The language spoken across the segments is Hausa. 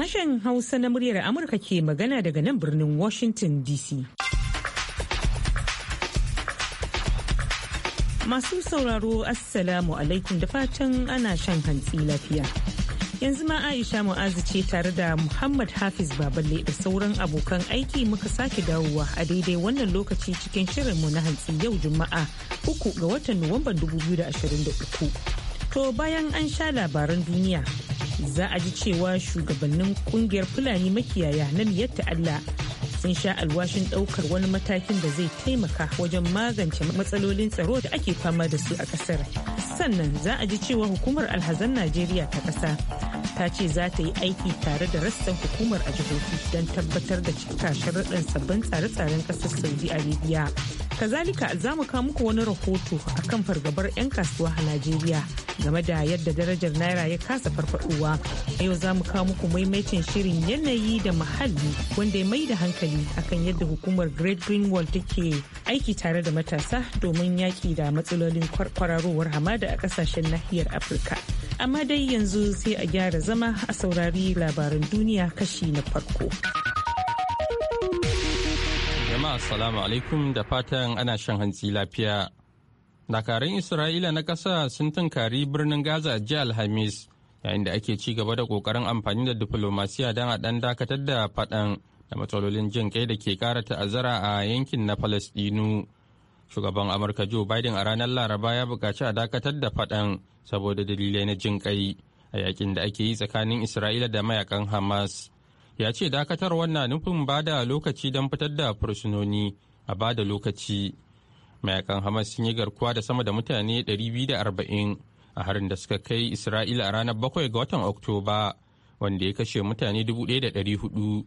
Sashen Hausa na muryar Amurka ke magana daga nan birnin Washington DC. Masu sauraro Assalamu alaikum da fatan ana shan hantsi lafiya. Yanzu ma Aisha Mu'azu ce tare da Muhammad Hafiz Baballe da sauran abokan aiki muka sake dawowa a daidai wannan lokaci cikin shirinmu na hantsi yau Juma'a uku ga watan Nuwamban 2023. To bayan an sha labaran duniya za a ji cewa shugabannin kungiyar fulani makiyaya na miyatta Allah sun sha alwashin daukar wani matakin da zai taimaka wajen magance matsalolin tsaro da ake fama da su a kasar sannan za a ji cewa hukumar alhazan najeriya ta kasa ta ce za ta yi aiki tare da rassan hukumar a jihohi don tabbatar da cika sharaɗin sabbin tsare-tsaren ƙasar saudi arabia Kazalika za mu kawo muku wani rahoto a kan fargabar 'yan kasuwa a Najeriya game da yadda darajar Naira ya kasa farfaduwa. A yau za mu kawo muku maimaitin shirin yanayi da muhalli wanda ya mai da hankali akan yadda hukumar Great Green Wall take aiki tare da matasa domin yaki da matsalolin kwararowar hamada a kasashen nahiyar Afirka. Amma dai yanzu sai a gyara zama a saurari labaran duniya kashi na farko. Jama'a salamu alaikum da fatan ana shan hantsi lafiya. Dakarun Isra'ila na ƙasa sun tunkari birnin Gaza jiya Alhamis yayin da ake ci gaba da kokarin amfani da diflomasiya don a ɗan dakatar da faɗan da matsalolin jin kai da ke kara ta'azzara a yankin na Falasɗinu. Shugaban Amurka Joe Biden a ranar Laraba ya buƙaci a dakatar da faɗan saboda dalilai na jin kai a yakin da ake yi tsakanin Isra'ila da mayakan Hamas. ya ce dakatar na nufin ba da lokaci don fitar da fursunoni a ba da lokaci mayakan hamas sun yi garkuwa da sama da mutane 240 a harin da suka kai isra'ila a ranar 7 ga watan oktoba wanda ya kashe mutane 1,400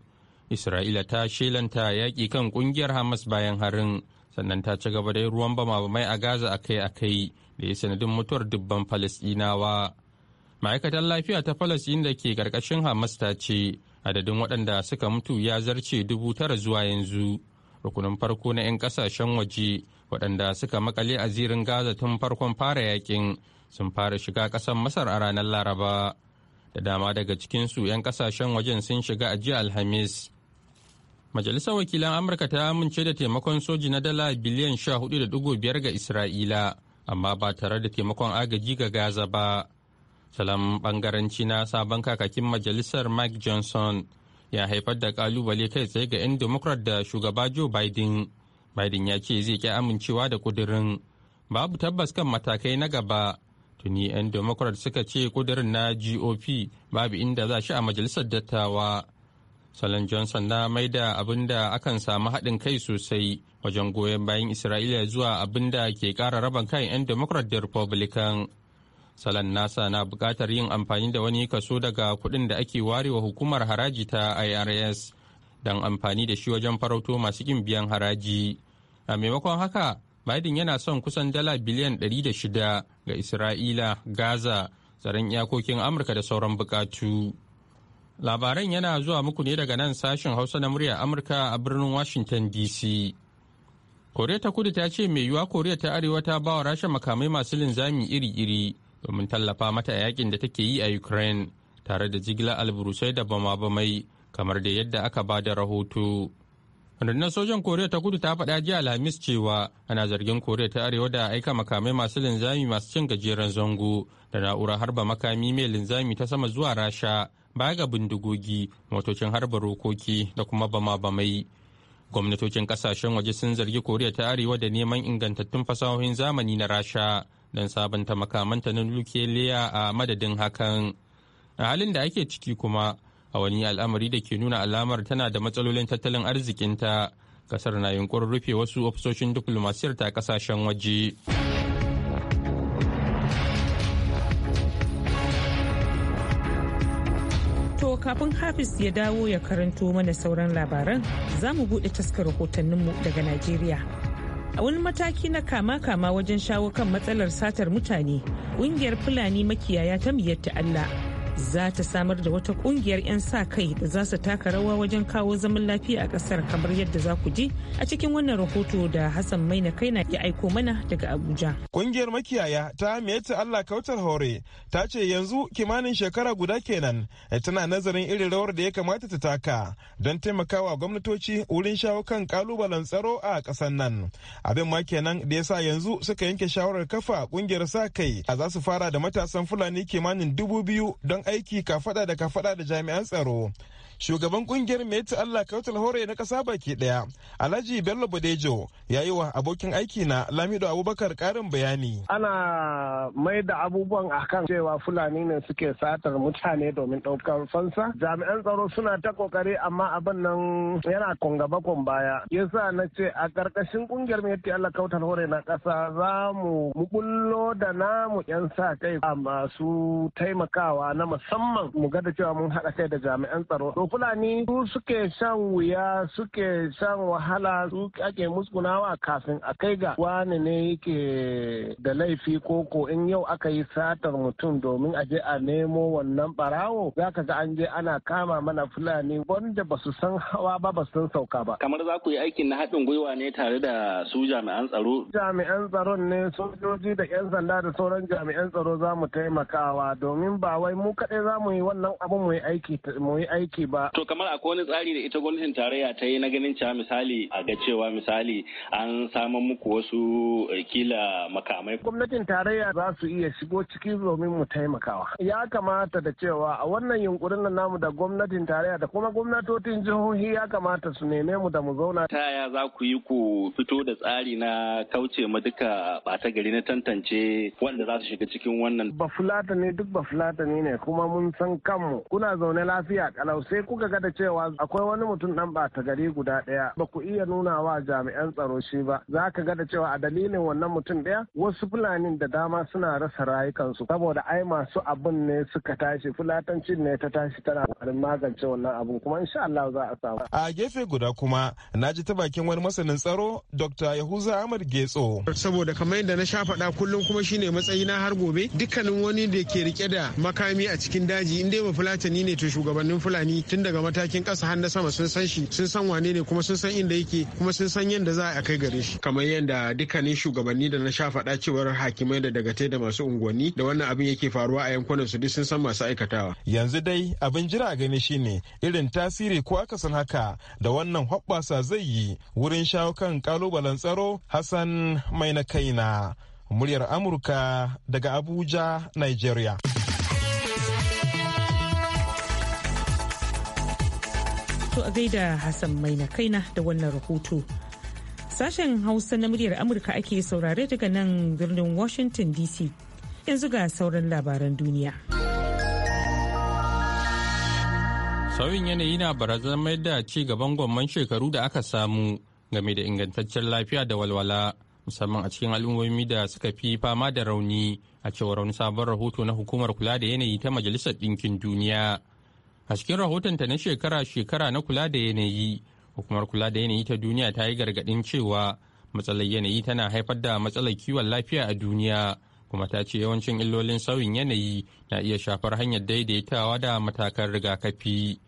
isra'ila ta shelanta yaƙi kan ƙungiyar hamas bayan harin sannan ta ci gaba da ruwan bama mai a gaza akai-akai da ya sanadin mutuwar dubban falasɗinawa ma'aikatar lafiya ta falasɗin da ke ƙarƙashin hamas ta ce adadin waɗanda suka mutu ya zarce dubu tara zuwa yanzu rukunin farko na 'yan ƙasashen waje waɗanda suka makale a zirin gaza tun farkon fara yakin sun fara shiga ƙasar masar a ranar laraba da dama daga cikinsu 'yan ƙasashen wajen sun shiga a jiya alhamis majalisar wakilan amurka ta amince da taimakon soji na dala biliyan 14.5 ga isra'ila amma ba tare da taimakon agaji ga gaza ba salam bangaranci na sabon kakakin majalisar mike johnson ya haifar da kalubale kai tsaye ga 'yan democrat da shugaba joe biden biden ya ce zai ki amincewa da kudirin babu tabbas kan matakai na gaba tuni 'yan democrat suka ce kudirin na gop babu inda za shi a majalisar dattawa salon johnson na maida abin da akan samu haɗin kai sosai wajen goyon bayan isra'ila zuwa abin da ke ƙara raban kan 'yan democrat da republican salon nasa na buƙatar yin amfani da wani kaso daga kuɗin da ake warewa hukumar haraji ta irs don amfani da shi wajen farauto masu kin biyan haraji a maimakon haka biden yana son kusan dala biliyan 106 ga isra'ila gaza tsaron iyakokin amurka da sauran buƙatu labaran yana zuwa muku ne daga nan sashen hausa na murya amurka a birnin washington dc koriya ta kudu ta ce mai yiwuwa koriya ta arewa ta bawa rasha makamai masu linzami iri-iri domin tallafa mata a yakin da take yi a Ukraine tare da jigilar alburusai da bama-bamai kamar da yadda aka ba da rahoto. Rundunar sojan Koriya ta kudu ta faɗa jiya Alhamis cewa ana zargin Koriya ta Arewa da aika makamai masu linzami masu cin gajeren zango da na'urar harba makami mai linzami ta sama zuwa Rasha baya ga bindigogi, motocin harba rokoki da kuma bama-bamai. Gwamnatocin kasashen waje sun zargi Koriya ta Arewa da neman ingantattun fasahohin zamani na Rasha don sabanta makamanta na nukiliya a madadin hakan a halin da ake ciki kuma a wani al'amari da ke nuna alamar tana da matsalolin tattalin arzikinta kasar na yunkurin rufe wasu ofisoshin diplomasiyar ta kasashen waje to kafin hafiz ya dawo ya karanto mana sauran labaran za mu buɗe taskar rahotanninmu daga najeriya a wani mataki na kama-kama wajen shawo kan matsalar satar mutane ƙungiyar fulani makiyaya ta ta allah za ta samar da wata kungiyar 'yan sa kai da za su taka rawa wajen kawo zaman lafiya a kasar kamar yadda za ku ji a cikin wannan rahoto da hassan maina na ya aiko mana daga abuja kungiyar makiyaya ta meta allah kautar hore ta ce yanzu kimanin shekara guda kenan tana nazarin irin rawar da ya kamata ta taka don taimakawa gwamnatoci wurin shawo kan kalubalen tsaro a kasar nan abin ma kenan da ya sa yanzu suka yanke shawarar kafa kungiyar sa kai a za su fara da matasan fulani kimanin dubu biyu don aiki ka faɗa da ka faɗa da jami'an tsaro shugaban kungiyar meti allah kautal hore na kasa baki daya alhaji bello bodejo ya yi wa abokin aiki na lamido abubakar karin bayani ana mai da abubuwan akan cewa fulani ne suke satar mutane domin ɗaukar fansa jami'an tsaro suna ta kokari amma abin nan yana kungaba kun baya yasa na ce a karkashin kungiyar meti allah kautal hore na kasa za mu bullo da namu yan sa kai masu taimakawa na musamman mu ga da cewa mun haɗa kai da jami'an tsaro To Fulani su suke shan wuya suke shan wahala su ake musgunawa kafin a kai ga wani ne yake da laifi ko in yau aka yi satar mutum domin a je a nemo wannan barawo za ka ga an je ana kama mana Fulani wanda ba su san hawa ba ba su san sauka ba. Kamar za ku yi aikin na haɗin gwiwa ne tare da su jami'an tsaro? Jami'an tsaron ne sojoji da 'yan sanda da sauran jami'an tsaro za mu taimakawa domin ba wai mu kaɗai za mu yi wannan abin mu yi aiki ba. To kamar akwai wani tsari da ita gwamnatin tarayya ta yi na ganin cewa misali a ga cewa misali an samu muku wasu eh, kila makamai. Gwamnatin tarayya za su iya shigo ciki domin mu taimakawa. Ya kamata da cewa a wannan yunkurin nan namu da gwamnatin tarayya da kuma gwamnatocin jihohi ya kamata su neme mu da mu zauna. Ta yaya za ku yi ku fito da tsari na kauce ma duka bata gari na tantance wanda za su shiga cikin wannan. fulata ne duk fulata ne ne kuma mun san kanmu kuna zaune lafiya kalau sai kuka ga da cewa akwai wani mutum dan bata gari guda daya ba ku iya nuna wa jami'an tsaro shi ba za ka ga da cewa a dalilin wannan mutum daya wasu fulanin da dama suna rasa rayukansu saboda ai masu abin ne suka tashi fulatancin ne ta tashi tana ƙoƙarin magance wannan abun kuma insha Allah za a samu. A gefe guda kuma na ji ta bakin wani masanin tsaro Dr. Yahuza Ahmad Getso. Saboda kamar yadda na sha faɗa kullum kuma shine matsayi na har gobe dukkanin wani da ke rike da makami a cikin daji inda dai ba fulatani ne to shugabannin fulani tun daga matakin ƙasa har na sama sun san shi sun san wane ne kuma sun san inda yake kuma sun san yadda za a kai gare shi kamar yadda dukkanin shugabanni da na sha faɗa cewar hakimai da dagatai da masu unguwanni da wannan abin yake faruwa a yankunan su duk sun san masu aikatawa yanzu dai abin jira a gani shine irin tasiri ko aka san haka da wannan hoɓɓasa zai yi wurin shawo kan kalubalen tsaro hassan mai na kaina muryar amurka daga abuja nigeria To a gaida Hassan mai na kaina da wannan rahoto. Sashen Hausa na muryar Amurka ake saurare daga nan birnin Washington DC. Yanzu ga sauran labaran duniya. Sauyin yanayi na barazan da ci gaban gwamman shekaru da aka samu game da ingantaccen lafiya da walwala musamman a cikin al'ummomi da suka fi fama da rauni a cewar wani sabon rahoto na hukumar kula da yanayi ta Majalisar Ɗinkin Duniya. a cikin rahotonta na shekara-shekara na kula da yanayi hukumar kula da yanayi ta duniya ta yi gargaɗin cewa matsalar yanayi tana haifar da matsalar kiwon lafiya a duniya kuma ta ce yawancin illolin sauyin yanayi na iya shafar hanyar daidaitawa da matakan rigakafi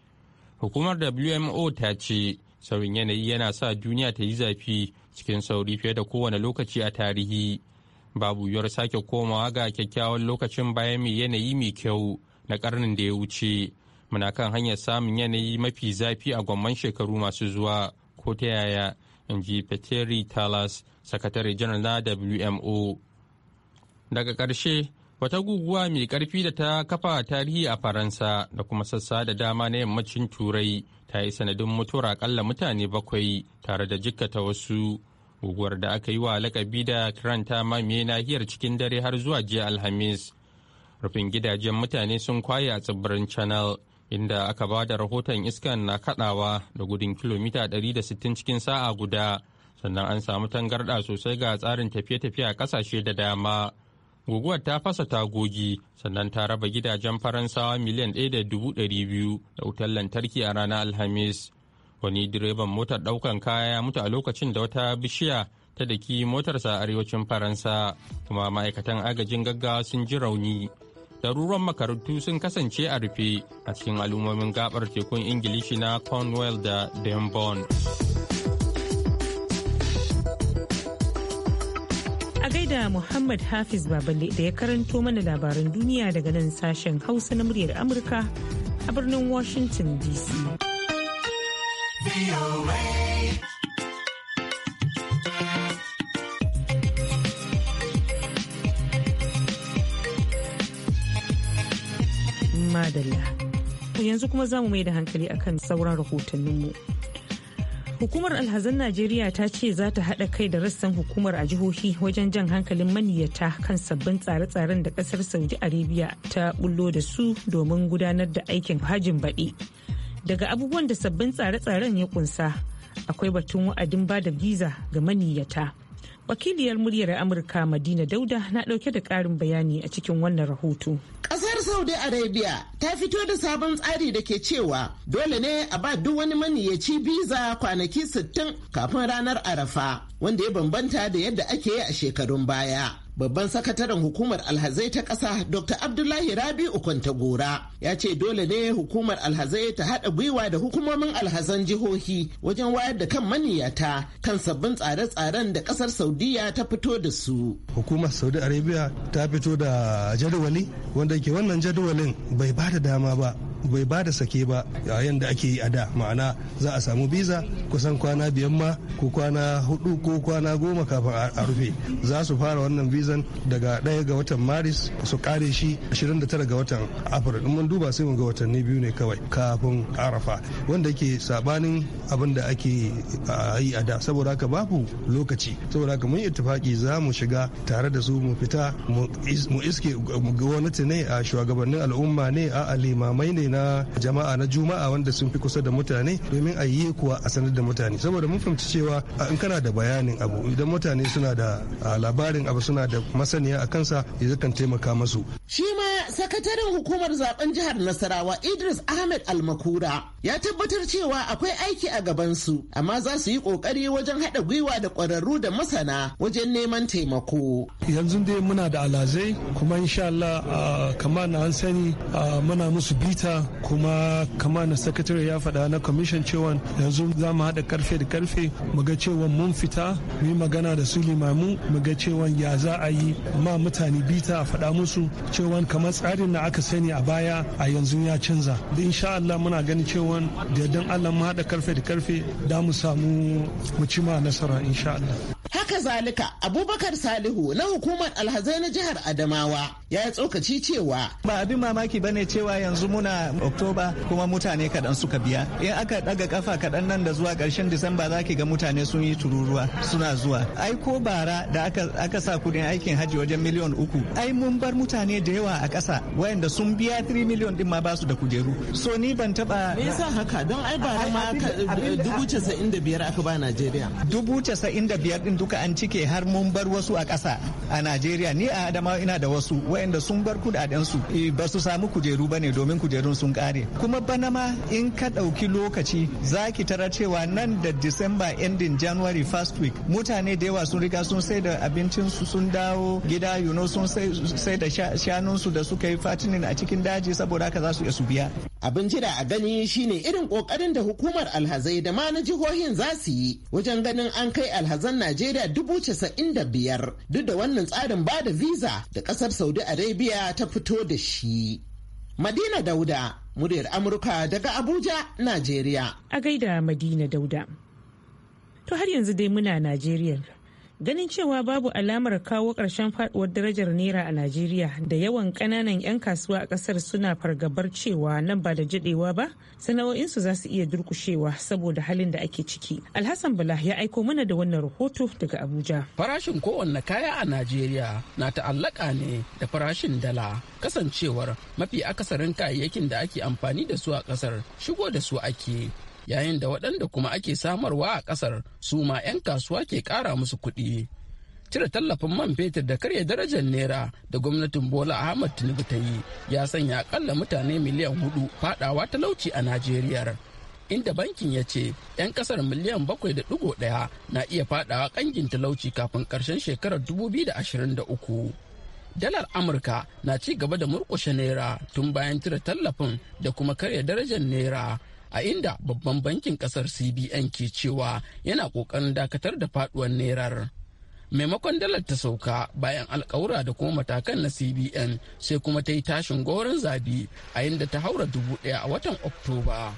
hukumar wmo ta ce sauyin yanayi yana sa duniya ta yi zafi cikin sauri fiye da kowane lokaci a tarihi babu yiwuwar sake komawa ga kyakkyawan lokacin bayan mai yanayi mai kyau na karnin da ya wuce muna kan hanyar samun yanayi mafi zafi a gwamman shekaru masu zuwa ko ta yaya in ji peteri talas sakatare janar na wmo daga ƙarshe wata guguwa mai karfi da ta kafa tarihi a faransa da kuma sassa da dama na yammacin turai ta yi sanadin mutuwar akalla mutane bakwai tare da jikkata wasu guguwar da aka yi wa lakabi da kiranta mamaye nahiyar cikin dare har zuwa jiya alhamis rufin gidajen mutane sun kwaye a tsibirin channel inda aka ba da rahoton iskan na kadawa da gudun kilomita 160 cikin sa'a guda sannan an samu tangarɗa sosai ga tsarin tafiye-tafiye a ƙasashe da dama guguwar ta fasa tagogi sannan ta raba gidajen faransawa miliyan 1.200 da wutar lantarki a ranar alhamis wani direban motar ɗaukan kaya ya mutu a lokacin da wata bishiya ta daki motarsa a arewacin faransa kuma ma'aikatan agajin gaggawa sun ji rauni daruruwan makarantu sun kasance a rufe a cikin al'ummomin gabar tekun ingilishi na cornwall da devon a gaida muhammad hafiz baballe da ya karanto mana labaran duniya daga nan sashen hausa na muryar amurka a birnin washington dc madalla yanzu kuma za mu mai da hankali akan sauran rahotanninmu hukumar alhazan najeriya ta ce za ta haɗa kai da rassan hukumar a jihohi wajen jan hankalin maniyyata kan sabbin tsare-tsaren da ƙasar saudi arabia ta bullo da su domin gudanar da aikin hajin baɗi daga abubuwan da sabbin tsare-tsaren ya ƙunsa akwai batun wa'adin bada da ga maniyyata. wakiliyar muryar amurka madina dauda na dauke da karin bayani a cikin wannan rahoto kasar saudi arabia ta fito da sabon tsari da ke cewa dole ne a ba duk wani maniyaci biza kwanaki 60 kafin ranar arafa wanda ya bambanta da yadda ake yi a shekarun baya babban sakataren hukumar alhazai ta ƙasa dr abdullahi rabi'u kwantagora ya ce dole ne hukumar alhazai ta haɗa gwiwa da hukumomin alhazan jihohi wajen wayar da kan maniyata kan sabbin tsare-tsaren da ƙasar saudiya ta fito da su hukumar saudi arabia ta fito da jadawali wanda ke wannan jadawalin bai ba da dama ba bai ba da sake ba yayin da ake yi a da ma'ana za a samu biza kusan kwana biyan ma ko kwana hudu ko kwana goma kafin a rufe za su fara wannan bizan daga ɗaya ga watan maris su kare shi 29 ga watan afirka mun duba sai mun ga watanni biyu ne kawai kafin arafa wanda ke sabanin abin da ake yi a da saboda haka babu lokaci saboda haka mun ittifaki za mu shiga tare da su mu fita mu iske gwamnati ne a shugabannin al'umma ne a limamai ne na jama'a na juma'a wanda sun fi kusa da mutane domin a yi kuwa a sanar da mutane saboda mun fahimci cewa in kana da bayanin abu idan mutane suna da labarin abu suna da masaniya a kansa ya kan taimaka masu. Shi ma sakataren hukumar zaben jihar Nasarawa Idris Ahmed Almakura ya tabbatar cewa akwai aiki a gaban su amma za su yi kokari wajen haɗa gwiwa da ƙwararru da masana wajen neman taimako. Yanzu dai muna da alazai kuma insha Allah kamar na an sani muna musu bita kuma kama na sakatare ya faɗa na kwamishin cewa yanzu za mu haɗa karfe da karfe mu ga cewa mun fita mu yi magana da su limamu mu ga cewa ya za a yi ma mutane bita a faɗa musu cewa kamar tsarin da aka sani a baya a yanzu ya canza da insha Allah muna ganin cewa da dan Allah mu haɗa karfe da karfe da mu samu mu cima nasara insha Allah haka zalika abubakar salihu na hukumar alhazai na jihar adamawa ya yi tsokaci cewa ba abin mamaki bane cewa yanzu muna oktoba kuma mutane kaɗan suka biya in aka ɗaga kafa kaɗan nan da zuwa ƙarshen disamba za ki ga mutane sun yi tururuwa suna zuwa ai ko bara da aka, aka sa kuɗin aikin hajji wajen miliyon uku ai mun bar mutane da yawa a ƙasa wayanda sun biya 3 miliyon din ma ba su da kujeru so ni ban taɓa me yasa haka don ai bara ma dubu casa'in da biyar aka ba najeriya dubu casa'in da biyar din duka duka an cike har mun bar wasu a ƙasa a najeriya ni a adama ina da wasu waɗanda sun bar su eh, ba su samu kujeru ba ne domin kujerun sun kare kuma bana ma in ka ɗauki lokaci za ki tara cewa nan da december ending january first week mutane da yawa sun riga sun sai da abincinsu sun dawo gida you know sun sai da shanunsu da suka yi fatinin a cikin daji saboda haka za su iya su biya abin jira a gani shine irin kokarin da hukumar alhazai da ma na jihohin za su yi wajen ganin an kai alhazan najeriya dubu casa'in da biyar duk da wannan wannan tsarin ba da visa da kasar saudi arabia ta fito da shi madina dauda muryar amurka daga abuja najeriya a gaida madina dauda to har yanzu dai muna nigeria ganin cewa babu alamar kawo ƙarshen faduwar darajar naira a najeriya da yawan ƙananan 'yan kasuwa a ƙasar suna fargabar cewa nan ba da jadewa ba sana'o'insu za su iya durkushewa saboda halin da ake ciki alhassan bala ya aiko mana da wannan rahoto daga abuja farashin kowanne kaya a najeriya na ta'allaka ne da farashin dala kasancewar mafi akasarin kayayyakin da ake amfani da su a ƙasar shigo da su ake yayin da waɗanda kuma ake samarwa a ƙasar su ma 'yan kasuwa ke ƙara musu kuɗi. Cire tallafin man fetur da karya darajar naira da gwamnatin Bola Ahmad Tinubu ta yi ya sanya akalla mutane miliyan hudu faɗawa talauci a Najeriya. Inda bankin ya ce 'yan kasar miliyan bakwai da ɗigo ɗaya na iya faɗawa ƙangin talauci kafin ƙarshen shekarar dubu biyu da da uku. dalar amurka na ci gaba da murkushe naira tun bayan cire tallafin da kuma karya darajar naira a inda babban bankin kasar cbn ke cewa yana kokarin dakatar da faduwar nerar maimakon dalar ta sauka bayan alkawura da kuma matakan na cbn sai kuma ta yi tashin gorin zabi a inda ta haura dubu daya a watan oktoba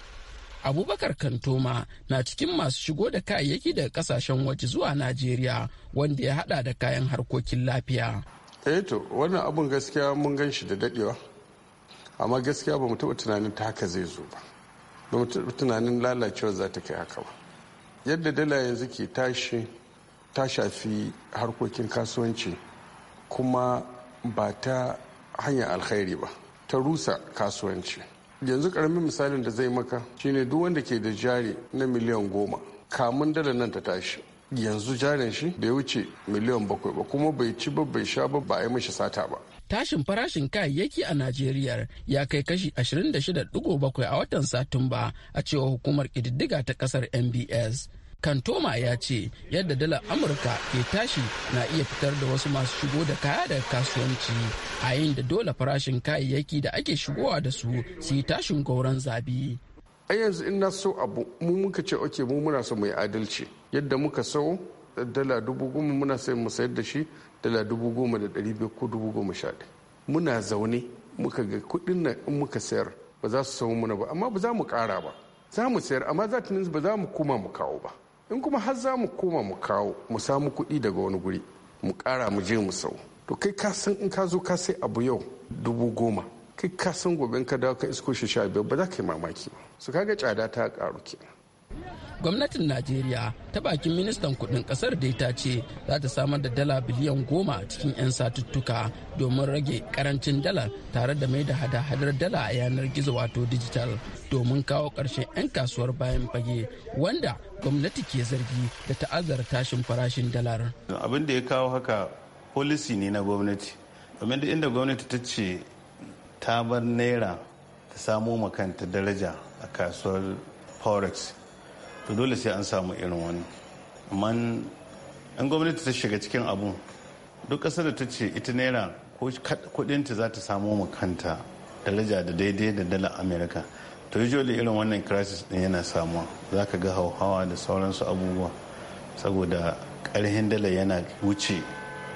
abubakar kantoma na cikin masu shigo da kayayyaki daga kasashen waje zuwa najeriya wanda ya hada da kayan harkokin lafiya eh to wannan abun gaskiya mun gan shi da dadewa amma gaskiya ba mu taɓa tunanin ta haka zai zo ba ba tunanin lalacewar za ta kai haka ba yadda dala yanzu ke tashi ta shafi harkokin kasuwanci kuma ba ta hanyar alkhairi ba ta rusa kasuwanci yanzu karamin misalin da zai maka shine duk wanda ke da jari na miliyan goma kamun dala nan ta tashi yanzu jarin shi da ya wuce miliyan bakwai ba kuma bai ci ba bai sha ba ba a yi mashi sata ba tashin farashin kayayyaki a Najeriya ya kai kashi 26.7 a watan Satumba a cewa hukumar ƙididdiga ta ƙasar MBS. Kantoma ya ce yadda dalar Amurka ke tashi na iya fitar da wasu masu shigo da kaya daga kasuwanci a yayin da dole farashin kayayyaki da ake shigowa da su su yi tashin gauran zabi. A yanzu in na so abu mu muka ce oke mu muna so mai adalci yadda muka so dala dubu goma muna sai mu sayar da shi dala dubu goma da ɗari biyu ko dubu goma sha muna zaune muka ga kuɗin nan in muka sayar ba za su samu muna ba amma ba za mu ƙara ba za mu sayar amma za ta ba za mu koma mu kawo ba in kuma har za mu koma mu kawo mu samu kuɗi daga wani guri mu ƙara mu je mu sau to kai ka san in ka zo ka sai abu yau dubu goma kai ka san gobe ka dawo ka isko shi sha biyar ba za ka yi mamaki ba su kaga tsada ta ƙaru kenan gwamnatin najeriya ta bakin ministan kudin kasar da ta ce za ta samar da dala biliyan goma a cikin 'yan satuttuka domin rage karancin dala tare da mai da hada-hadar dala a yanar gizo wato digital domin kawo ƙarshen 'yan kasuwar bayan fage wanda gwamnati ke zargi da ta'azar tashin farashin dalar abin da ya kawo haka policy ne na gwamnati domin inda gwamnati ta ce ta bar naira ta samo makanta daraja a kasuwar forex to dole sai an samu irin wani amma in gwamnati ta shiga cikin abu duk ƙasar da ta ce ita naira ko kudinta za ta samo mu kanta daraja da daidai da dala amerika to jole irin wannan crisis din yana samuwa za ka ga hauhawa da sauransu abubuwa saboda ƙarhin dala yana wuce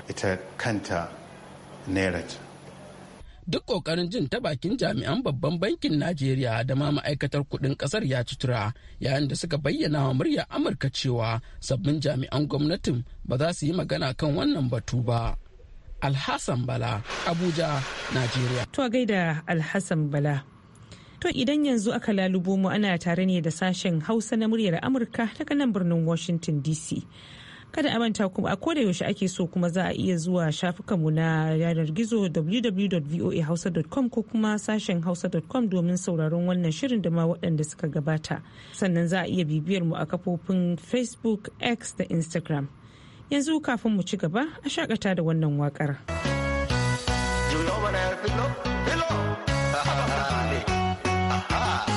ita kanta naira duk kokarin jin ta bakin jami'an babban bankin najeriya da ma ma'aikatar kudin kasar ya cutura yayin da suka bayyana wa murya amurka cewa sabbin jami'an gwamnatin ba za su yi magana kan wannan batu ba alhassan bala abuja najeriya to gaida alhassan bala to idan yanzu aka lalubo mu ana tare ne da sashen hausa na muryar amurka daga nan birnin washington dc kada a manta kuma a koda yaushe ake so kuma za a iya zuwa shafukan mu na yanar gizo www.voahausa.com ko kuma sashen hausa.com domin sauraron wannan shirin da ma waɗanda suka gabata sannan za a iya bibiyar mu a kafofin facebook x da instagram yanzu kafin mu ci gaba a shakata da wannan wakar.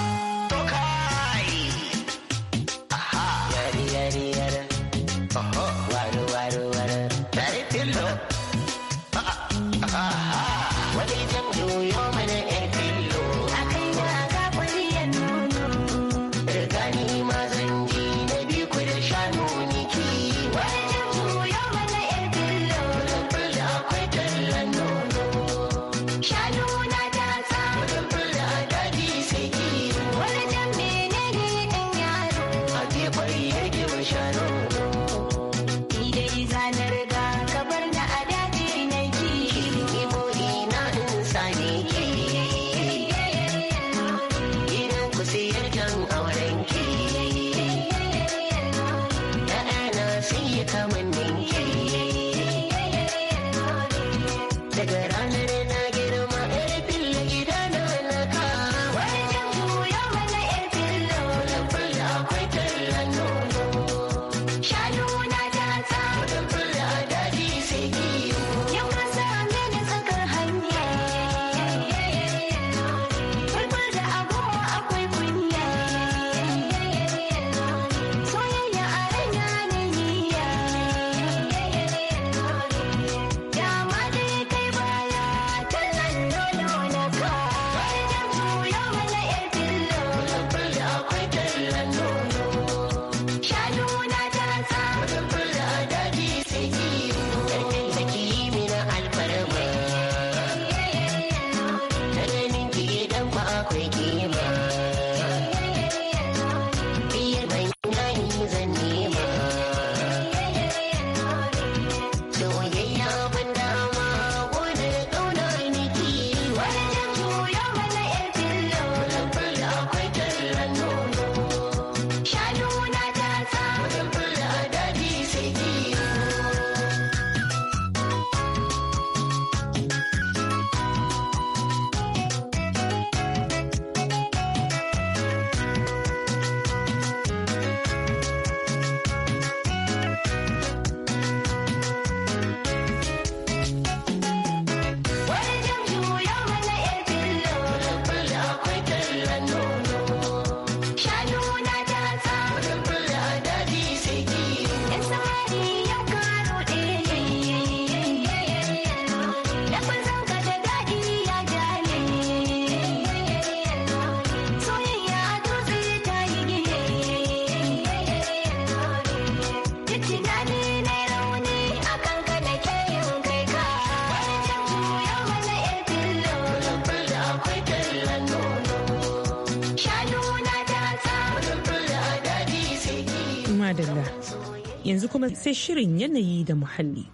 kuma sai shirin yanayi da muhalli.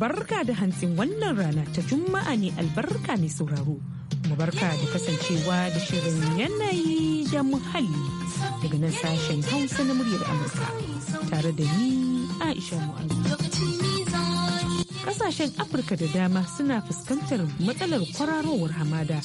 Barka da hantsin wannan rana ta Juma'a ne albarka mai sauraro. barka da kasancewa da shirin yanayi da muhalli daga nan sashen hausa na muryar amurka tare da ni aisha mu'azu kasashen afirka da dama suna fuskantar matsalar kwararowar hamada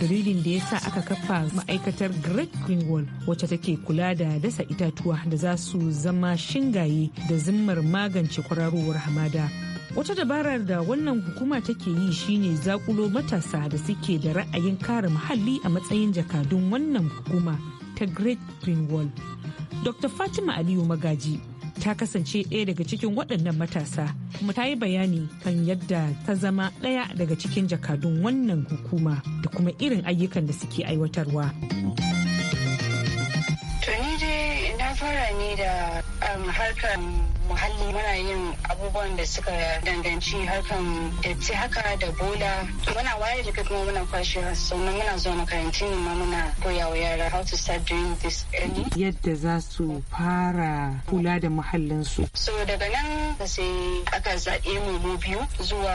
dalilin da ya sa aka kafa ma'aikatar great green wall wacce take kula da dasa itatuwa da za su zama shingaye da zimmar magance kwararowar hamada wata dabarar da wannan hukuma take yi shine zakulo matasa da suke da ra'ayin kare muhalli a matsayin jakadun wannan hukuma ta great green dr fatima aliyu magaji ta kasance ɗaya daga cikin waɗannan matasa kuma ta yi bayani kan yadda ta zama ɗaya daga cikin jakadun wannan hukuma da kuma irin ayyukan da suke aiwatarwa. akan um, harkar muhalli muna yin abubuwan da suka danganci harkan datti haka da bola muna wayar da kuma muna kwashe sannan muna zuwa makarantun ma muna koya wa yara how to start doing this early yadda za su fara kula da muhallin su so daga nan sai aka zaɓe mu mu biyu zuwa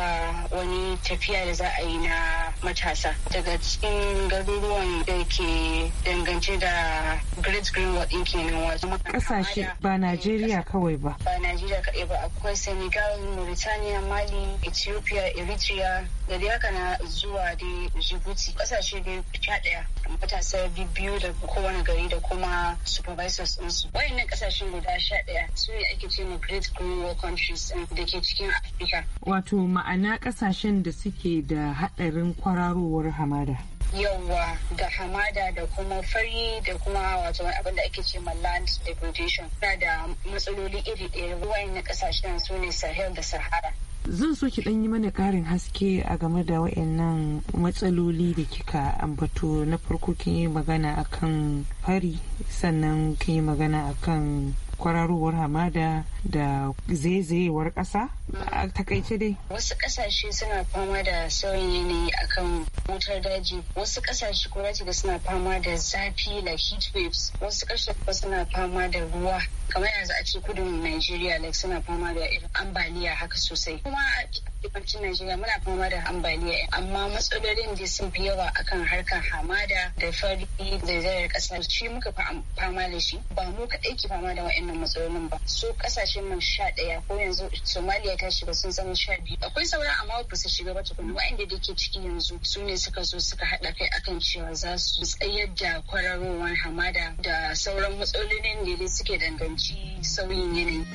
wani tafiya da za a yi na matasa daga cikin garuruwan da ke dangance da Great Green Wall in kenan wasu Kasashe ba Najeriya kawai ba. Ba Najeriya kaɗai ba akwai Senegal, Mauritania, Mali, Ethiopia, Eritrea da dai haka na zuwa da Djibouti Kasashe da sha daya matasa biyu da kowane gari da kuma supervisors ɗinsu. Wayannan kasashen guda sha ɗaya su ne ake ce ma Great Green Wall countries da ke cikin Afirka. Wato ma'ana kasashen da suke da haɗarin kwararowar hamada. yauwa ga hamada da kuma fari da kuma wato abinda ake ce ma land degradation na da matsaloli iri ɗaya ruwayen na kasashen su ne sahel da sahara zan so ki ɗan yi mana ƙarin haske a game da waɗannan matsaloli da kika ambato na farko kin yi magana akan fari sannan kin yi magana akan kwararowar hamada da zaizayewar ƙasa a takaice dai wasu ƙasashe suna fama da sauyin yanayi akan motar daji wasu ƙasashe kuma ga suna fama da zafi like heat waves wasu kuma suna fama da ruwa kamar yanzu a ce kudin Najeriya like suna fama da ambaliya haka sosai kuma a kudancin Najeriya muna fama da ambaliya amma matsalolin da sun fi yawa akan harkar hamada da fari da zayar ƙasa shi muka fama da shi ba mu kaɗai ke fama da wa'in waɗannan matsalolin ba su kasashen man sha daya ko yanzu somaliya ta shiga sun zama sha biyu akwai sauran amma ba su shiga ba tukuna wa'anda da ke ciki yanzu su ne suka zo suka haɗa kai akan cewa za su tsayar da kwararowar hamada da sauran matsalolin da suke danganci sauyin yanayi.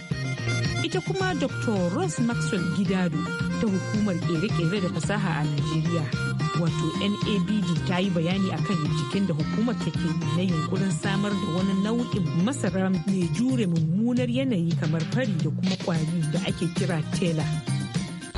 ita kuma dr rose maxwell gidado ta hukumar kere-kere da fasaha a najeriya wato nabd ta yi bayani akan binciken da hukumar ta ke na yunkurin samar da wani nau'in masara mai jure mummunar yanayi kamar fari da kuma kwari da ake kira tela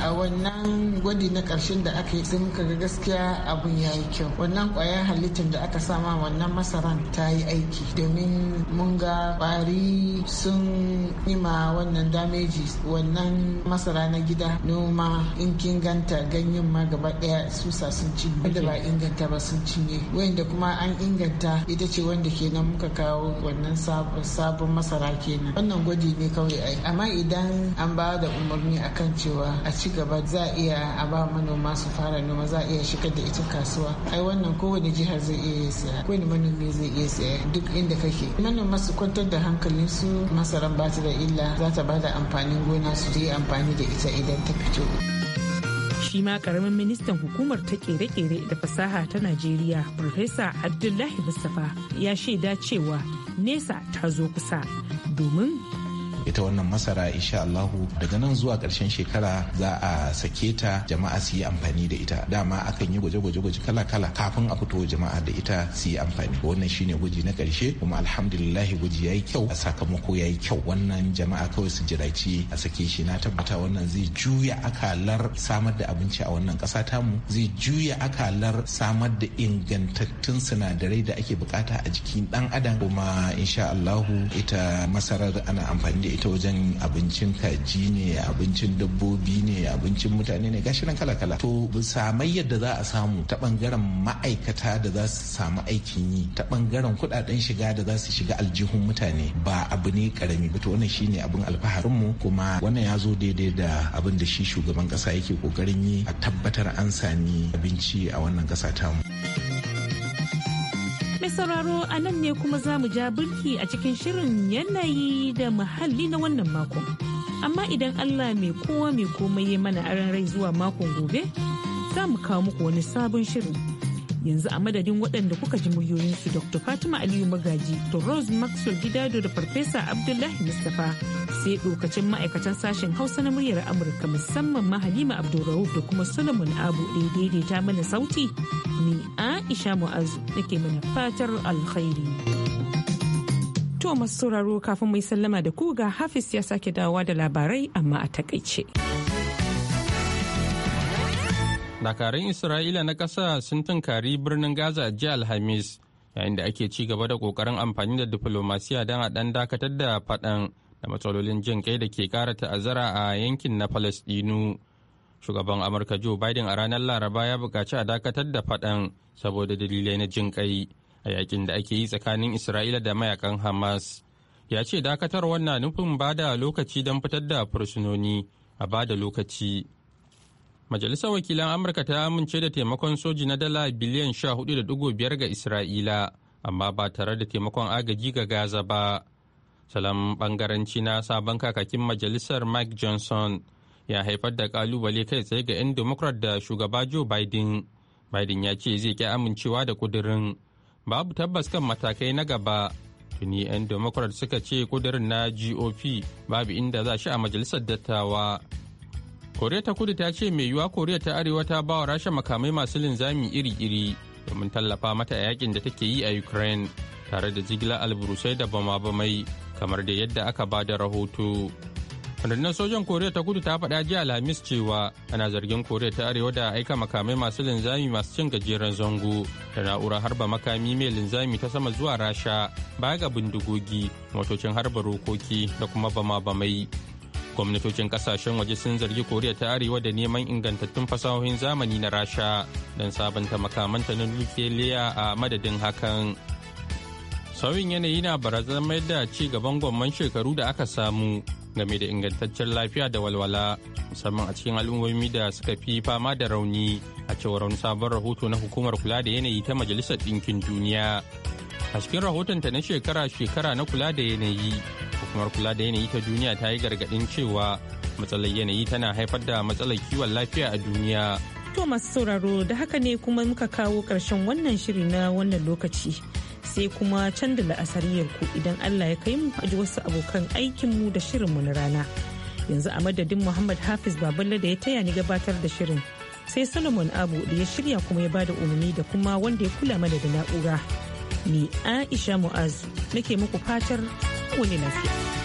a wannan gwadi na karshen da aka yi sai muka ga gaskiya abun ya yi kyau wannan kwayar halittar da aka sama wannan masaran ta yi aiki domin mun ga kwari sun nima wannan dameji wannan masara na gida noma in kin ganta ganyen ma gaba daya susa sun cinye wanda ba inganta ba sun cinye wanda kuma an inganta ita ce wanda kenan muka kawo wannan sabon masara kenan wannan gwaji ne kawai ai amma idan an ba da umarni akan cewa a ci gaba za a iya a ba manoma su fara noma za a iya shigar da ita kasuwa ai wannan kowane jihar zai iya saya kowane manomi zai iya saya duk inda kake manoma su kwantar da hankalin su masaran ba ta da illa za ta ba da amfanin gona su yi amfani da ita idan ta fito shi ma karamin ministan hukumar ta kere-kere da fasaha ta najeriya Profesa abdullahi mustafa ya shaida cewa nesa ta zo kusa domin ita wannan masara insha Allahu daga nan zuwa ƙarshen shekara za a sake ta jama'a su yi amfani da ita dama akan yi gwaje-gwaje kala-kala kafin a fito jama'a da ita su yi amfani wannan shine gwaji na ƙarshe kuma alhamdulillahi gwaji yayi kyau a sakamako yayi kyau wannan jama'a kawai su jiraci a sake shi na tabbata wannan zai juya akalar samar da abinci a wannan ƙasa tamu zai juya akalar samar da ingantattun sinadarai da ake bukata a jikin dan adam kuma insha Allahu ita masarar ana amfani da ita wajen abincin kaji ne abincin dabbobi ne abincin mutane ne gashi nan kala kala to samai yadda za a samu ta bangaren ma'aikata da za su samu aikin yi ta bangaren kudaden shiga da za su shiga aljihun mutane ba abu ne karami ba to wannan shine abin alfaharin mu kuma wannan ya zo daidai da abin da shi shugaban kasa yake kokarin yi a tabbatar an sami abinci a wannan kasa mu. Mai sauraro a nan ne kuma za mu ja birki a cikin shirin yanayi da muhalli na wannan mako Amma idan Allah mai kowa mai komai mana aran rai zuwa makon gobe, za mu kawo muku wani sabon shirin. yanzu a madadin waɗanda kuka ji muryoyinsu dr fatima aliyu magaji da rose maxwell gidado da farfesa abdullahi mustapha sai ɗokacin ma'aikatan sashen hausa na muryar amurka musamman ma halima abdulrahu da kuma solomon abu da daidaita mana sauti ni aisha mu'azu nake mana fatar alkhairi to masu sauraro kafin mai sallama da ku ga hafiz ya sake dawowa da labarai amma a takaice. dakarun isra'ila na ƙasa sun tunkari birnin gaza jiya alhamis yayin da ake ci gaba da ƙoƙarin amfani da diflomasiya don a ɗan dakatar da faɗan da matsalolin jin kai da ke ƙara ta'azzara a yankin na falasɗinu shugaban amurka joe biden a ranar laraba ya bukaci a dakatar da faɗan saboda dalilai na jin kai a yakin da ake yi tsakanin isra'ila da mayakan hamas ya ce dakatarwar na nufin ba da lokaci don fitar da fursunoni a ba da lokaci Majalisar Wakilan Amurka ta amince da taimakon soji na dala biliyan da biyar ga Isra'ila, amma ba tare da taimakon agaji ga Gaza ba. Salam bangaranci na sabon kakakin majalisar Mike Johnson ya haifar da kalubale kai tsaye ga 'yan Democrat da shugaba Joe Biden. Biden ya ce zai ki amincewa da kudirin. Babu tabbas kan matakai na gaba. Tuni 'yan Democrat suka ce kudirin na GOP babu inda za shi a majalisar dattawa. koriya ta kudu ta ce mai yiwuwa koriya ta arewa ta ba wa rasha makamai masu linzami iri-iri domin tallafa mata a yakin da take yi a ukraine tare da jigilar alburusai da bama-bamai kamar da yadda aka ba da rahoto rundunar sojan koriya ta kudu ta faɗa jiya alhamis cewa ana zargin koriya ta arewa da aika makamai masu linzami masu cin gajeren zango da na'urar harba makami mai linzami ta sama zuwa rasha baya ga bindigogi motocin harba rokoki da kuma bama-bamai gwamnatocin kasashen waje sun zargi koriya ta arewa da neman ingantattun fasahohin zamani na rasha don sabanta makamanta na nukiliya a madadin hakan sauyin yanayi na barazan da ci gaban gwamman shekaru da aka samu game da ingantaccen lafiya da walwala musamman a cikin al'ummomi da suka fi fama da rauni a cewar wani sabon rahoto na hukumar kula da yanayi ta majalisar ɗinkin duniya a cikin rahotonta na shekara-shekara na kula da yanayi hukumar kula da yanayi ta duniya ta yi gargadin cewa matsalar yanayi tana haifar da matsalar kiwon lafiya a duniya. To masu sauraro da haka ne kuma muka kawo karshen wannan shiri na wannan lokaci. sai kuma can da la'asariyar ku idan Allah ya kai mu ji wasu abokan aikinmu da shirinmu na rana. Yanzu a madadin Muhammad Hafiz Baballe da ya taya ni gabatar da shirin. Sai Solomon Abu da ya shirya kuma ya bada umarni da kuma wanda ya kula mana da na'ura. Ni Aisha Mu'azu nake muku fatar ku ne